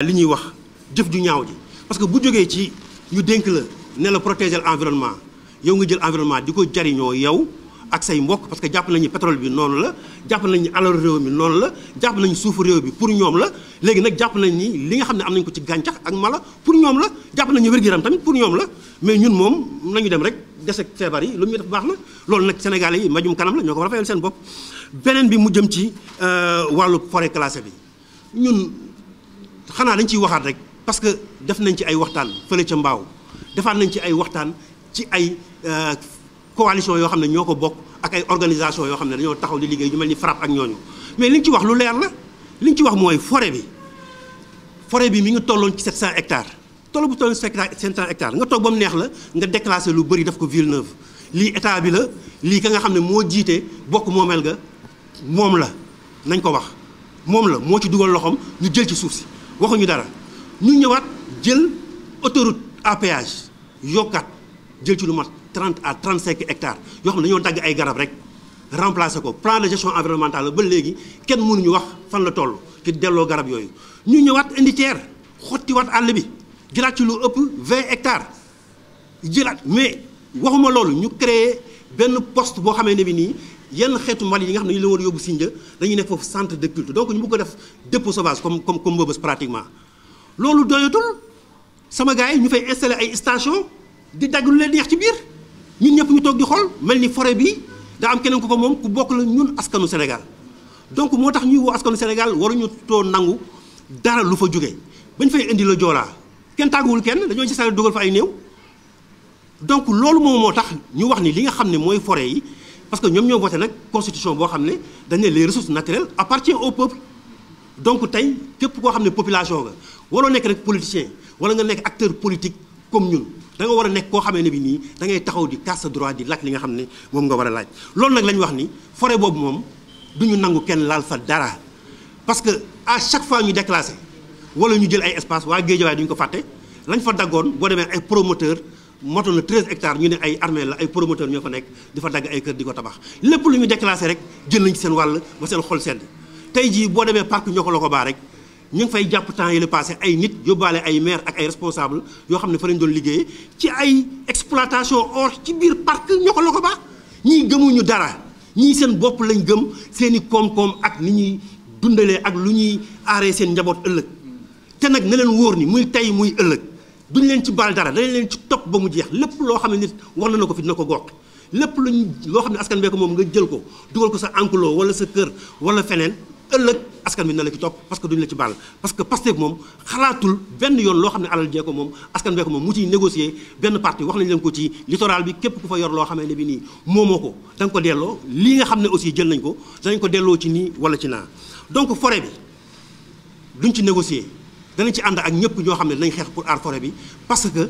li ñuy wax jëf ju ñaaw ji parce que bu jógee ci ñu dénk la ne la protéger l'environnement yow nga jël environnement di ko jariñoo yow ak say mbokk parce que jàpp nañu pétrole bi noonu la jàpp nañu alal réew mi noonu la jàpp nañu suufu réew bi pour ñoom la léegi nag jàpp nañ ni li nga xam ne am nañ ko ci gàncax ak mala pour ñoom la jàpp nañu wér-gu-yaram tamit pour ñoom la mais ñun moom nañu dem rek des ak feebar yi lu mu def baax na loolu nag sénégalais yi majum kanam la ñoo ko war a fayal beneen bi mu jëm ci euh, wàllu forêt classée bi xanaa dañ ciy waxaat rek parce que def nañ ci ay waxtaan fële ca mbaaw defaat nañ ci ay waxtaan ci ay euh, coalition yoo xam ne ñoo ko bokk ak ay organisation yoo xam ne dañoo taxaw di liggéey ñu mel ni FRAPP ak ñooñu mais li ñu ci wax lu leer la li ñu ci wax mooy forêt bi fore bi mi ngi tolloon ci 700 hectares toll bu tolloon 700 hectares nga toog ba neex la nga déclassé lu bëri daf ko ville neuve lii état bi la lii ka nga xam ne moo jiite bokk moomeel ga moom la nañ ko wax moom la moo ci dugal loxoom ñu jël ci suuf si waxuñu dara ñu ñëwaat jël autoroute à péage yokkaat jël ci lu mat 30 à cinq hectares yoo xam ne dañoo dagg ay garab rek remplacer ko plan de gestion environnementale ba léegi kenn mënuñu wax fan la toll ci delloo garab yooyu ñu ñëwaat indi terre xottiwaat àll bi jëlaat ci lu ëpp 20 hectares jëlaat mais waxuma loolu ñu créer benn post boo xamee ne bi nii yenn xeetu Mali yi nga xam ne ñu war yóbbu Sindia dañuy nekk foofu centre de culte donc ñu bëgg ko def dépôt sauvage comme comme comme Mbeubeuss pratiquement. loolu doyatul sama gars yi ñu fay installé ay station di dagg lu leen neex ci biir ñun ñëpp ñu toog di xool mel ni fore bi da am keneen ku ko moom ku bokk la ñun askanu Sénégal donc moo tax ñuy woo askanu Sénégal war waruñu too nangu dara lu fa jóge bañ fay indi la joolaa kenn tàgguwul kenn dañoo ci sale dugal fa ay néew donc loolu moom moo tax ñu wax ni li nga xam ne mooy forêt yi. parce que ñoom ñoo voté nag constitution boo xam ne dañ ne les ressources naturelles appartiennent au peuple donc tey képp koo xam ne population nga waroo nekk rek politicien wala nga nekk acteur politique comme ñun da war a nekk koo xamee ne bi nii da ngay taxaw di casse droit di laaj li nga xam ne moom nga war a laaj loolu nag la ñu wax ni fore boobu moom du ñu nangu kenn laal fa dara parce que à chaque fois ñu déclassé wala ñu jël ay espace waa Guédiawaye du ñu ko fàtte lañ fa daggoon boo demee ay promoteur moto na 13 hectares ñu ne ay armée la ay promoteur ñoo fa nekk di fa dagg ay kër di ko tabax lépp lu ñu déclassé rek jël nañ ci seen wàll ba seen xol sedd tey jii boo demee park ñoo ko la ko baa rek fay jàpp temps yi la passé ay nit yóbbaale ay maire ak ay responsable yoo xam ne fa lañ doon ci ay exploitation or ci biir parc ñoo ko la ko baa ñii gëmuñu dara ñii seen bopp lañ gëm seen i koom-koom ak ni ñuy dundalee ak lu ñuy aaree seen njaboot ëllëg te nag na leen wóor ni muy tey muy ëllëg duñ leen ci baal dara dañ leen ci topp ba mu jeex lépp loo xam ne nit wax na ko fi dina ko gox lépp lu loo xam ne askan moom nga jël ko dugal ko sa enclos wala sa kër wala feneen ëllëg askan bi na la ci topp parce que duñ la ci baal parce que Pastef moom xalaatul benn yoon loo xam ne alal jee ko moom askan bee ko moom mu ciy négocier benn parti wax nañ leen ko ci littoral bi képp ku fa yor loo xamee ne nii moomoo ko danga ko delloo lii nga xam ne aussi jël nañ ko danañ ko delloo ci nii wala ci naa donc fore bi duñ ci négocier danañ ci ànd ak ñëpp ñoo xam ne dinañ xeex pour aar forêt bi parce que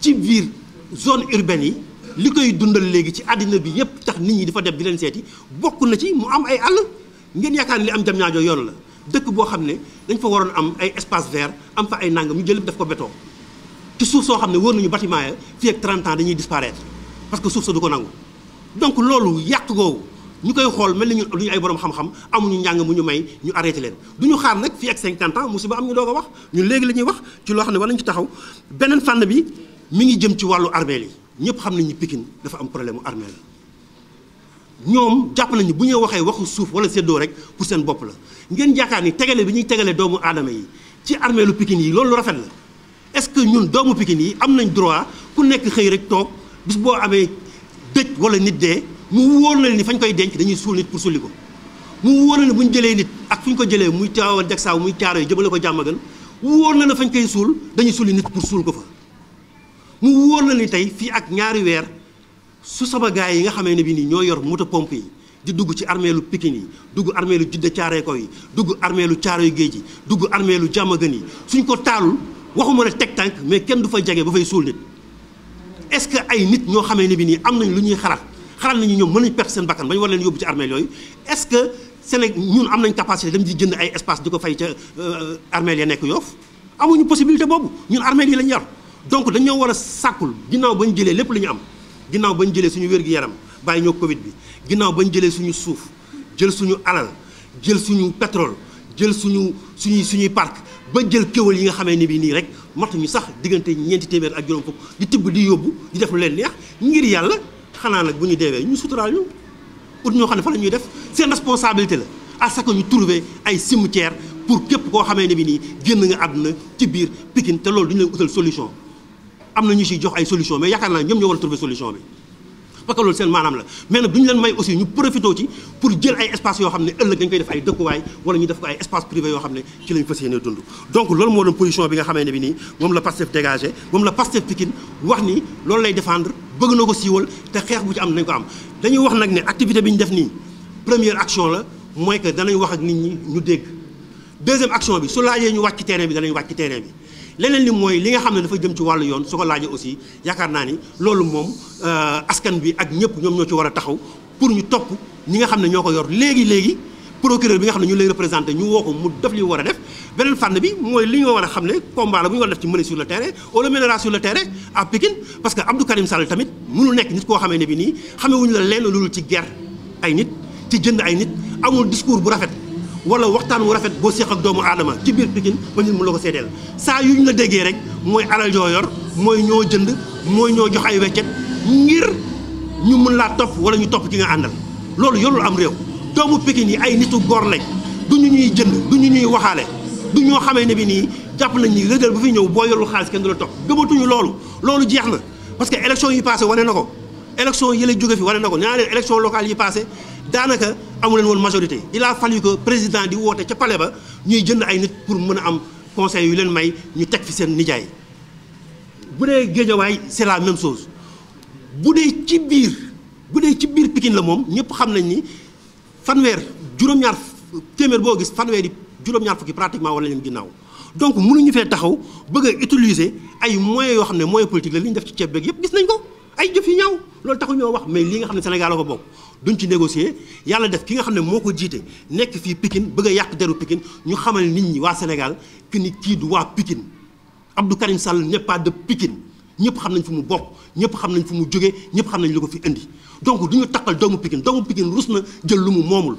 ci biir zone urbaine yi li koy dundal léegi ci àddina bi yëpp tax nit ñi dafa dem di leen seeti bokk na ci mu am ay àll ngeen yaakaar ne li am jam ñaajo yoon la dëkk boo xam ne dañ fa waroon am ay espace vert am fa ay nangam mu jël def ko béton te suuf soo xam ne wóor nañu bâtiment ya fii ak 30 dañuy disparaître parce que suuf sa du ko nangu donc loolu yàq googu ñu koy xool mel ni ñu ay boroom xam-xam amuñu njàng mu ñu may ñu arrêté leen duñu xaar nag fii ak 50 ans musiba am ñu doog a wax ñu léegi la ñuy wax ci loo xam ne war nañu taxaw beneen fànn bi mi ngi jëm ci wàllu armeel yi ñëpp xam nañu Pikine dafa am problème mu armeel la ñoom jàpp nañu bu ñuy waxee waxu suuf wala séddoo rek pour seen bopp la ngeen yaakaar ni tegale bi ñuy tegale doomu aadama yi ci armeelu Pikine yi loolu lu rafet la est-ce que ñun doomu pikin yi am nañ droit ku nekk xëy rek toog bis boo amee dëj wala nit dee mu wóor la ni fañ koy denc dañuy suul nit pour sulli ko mu wóor la bu ñu jëlee nit ak fu ñu ko jëlee muy Tiwaawan Jaksaaw muy caaro yi jëmale ko jàmmagal wóor na ne fañ koy suul dañuy sulli nit pour suul ko fa mu wóor la ni tey fii ak ñaari weer su sama gaay yi nga xamee ne bi nii ñoo yor moto pompe yi di dugg ci armeelu Pikine yi dugg armeelu Jidda caaree ko yi dugg armeelu Caaroy géej yi dugg armeelu jàmmagan yi suñ ko taalul waxuma ne teg tànk mais kenn du fa jege ba fay suul nit est-ce que ay nit ñoo xamee ne bi nii am nañ lu ñuy xalaat xalaat nañu ñoom mën nañu perte seen bakkan ba ñu war leen yóbbu ci armeel yooyu que Sénégal ñun am nañ capacité dem di jënd ay espace di ko fay ca euh, armeel ya nekk Yoff amuñu possibilité boobu ñun armeel yi lañu yor donc dañoo war a sàkkul ginnaaw ba ñu jëlee lépp la ñu am ginnaaw ba ñu jëlee suñu wér-gu-yaram bàyyi ñoo Covid bi ginnaaw ba ñu jëlee suñu suuf jël suñu alal jël suñu petrol jël suñu suñuy suñuy parc ba jël kéwal yi nga xamee ni bi nii rek matuñu sax diggante ñeenti téeméer ak juróom fukk di tibb di yóbbu di leen neex ngir yàlla xanaa nag bu ñu deewee ñu suturaal ñu ut ñoo xam ne la ñuy def seen responsabilité la à ce que ñu trouver ay cimetière pour képp koo xamee ne bi nii génn nga àdduna ci biir Pikine te loolu du ñu leen utal solution am na ñu siy jox ay solution mais yaakaar naa ñoom ñoo war a trouver solution bi parce que loolu seen maanaam la mais du ñu leen may aussi ñu profité ci pour jël ay espace yoo xam ne ëllëg dañ koy def ay dëkkuwaay wala ñu def ko ay espace privé yoo xam ne ci lañ fas yéene moo doon position ne bi lay défendre bëgg na ko siiwal te xeex bu ci am nañ ko am dañuy wax nag ne activité bi ñu def nii première action la mooy que danañ wax ak nit ñi ñu dégg deuxième action bi su laajee ñu wàcc terrain bi danañ wàcc terrain bi leneen li mooy li nga xam ne dafa jëm ci wàllu yoon su ko laajee aussi yaakaar naa ni loolu moom euh, askan bi ak ñëpp ñoom ñoo ci war a taxaw pour ñu topp ñi nga xam ne ñoo ko yor léegi léegi procureur bi nga xam ne ñu lay représenté ñu woo ko mu def li war a def beneen fànn bi mooy li ñu war a xam ne combat la bu ñu war a def ci mener sur le terrain wala menera sur le terrain à Pikine parce que Abdou Karim Sall tamit mënul nekk nit koo xamee ne bi nii xamee wuñu la lu loolu ci guerre ay nit ci jënd ay nit amul discours bu rafet wala waxtaan wu rafet boo séq ak doomu aadama ci biir Pikine ba ñu mun la ko seedeel saa yu ñu la déggee rek mooy alal yor mooy ñoo jënd mooy ñoo jox ay weccet ngir ñu mën laa topp wala ñu topp ki àndal loolu yorul am réew doomu Pikine yi ay nitu góor lañ du ñu ñuy jënd du ñu ñuy waxaale du ñoo xamee ne bi nii jàpp nañ ni Reug bu fi ñëw boo yorul xaalis kenn du la topp gëmatuñu loolu loolu jeex na parce que élection yi passé wane na ko élection la jóge fi wane na ko ñaa leen élection locale yi passé daanaka amu leen woon majorité il a fallu que président di woote ca pale ba ñuy jënd ay nit pour mën a am conseil yu leen may ñu teg fi seen nijaay bu dee géejawaay c'est la même chose bu dee ci biir bu dee ci biir Pikine la moom ñëpp xam nañ ni fanweer juróom-ñaar téeméer boo gis fanweer yi juróom-ñaar fukki pratiquement wala leen ginnaaw donc mënuñu fee taxaw bëgg a ay moyens yoo xam ne moyen politique la li ñu def ci ceeb beeg yëpp gis nañ ko ay jëf yu ñaaw loolu taxu ñoo wax mais lii nga xam ne Sénégal la ko bokk ñu ci négocier yàlla def ki nga xam ne moo ko jiite nekk fii pikin bëgg yàq deru pikin ñu xamal nit ñi waa Sénégal que ni kii du waa Pikine Abdou Karim Sall n'est pas de Pikine ñëpp xam nañ fu mu bokk ñëpp xam nañ fu mu jógee ñëpp xam nañ lu ko fi indi donc du ñu takkal doomu Pikine doomu Pikine rus na jël lu mu moomul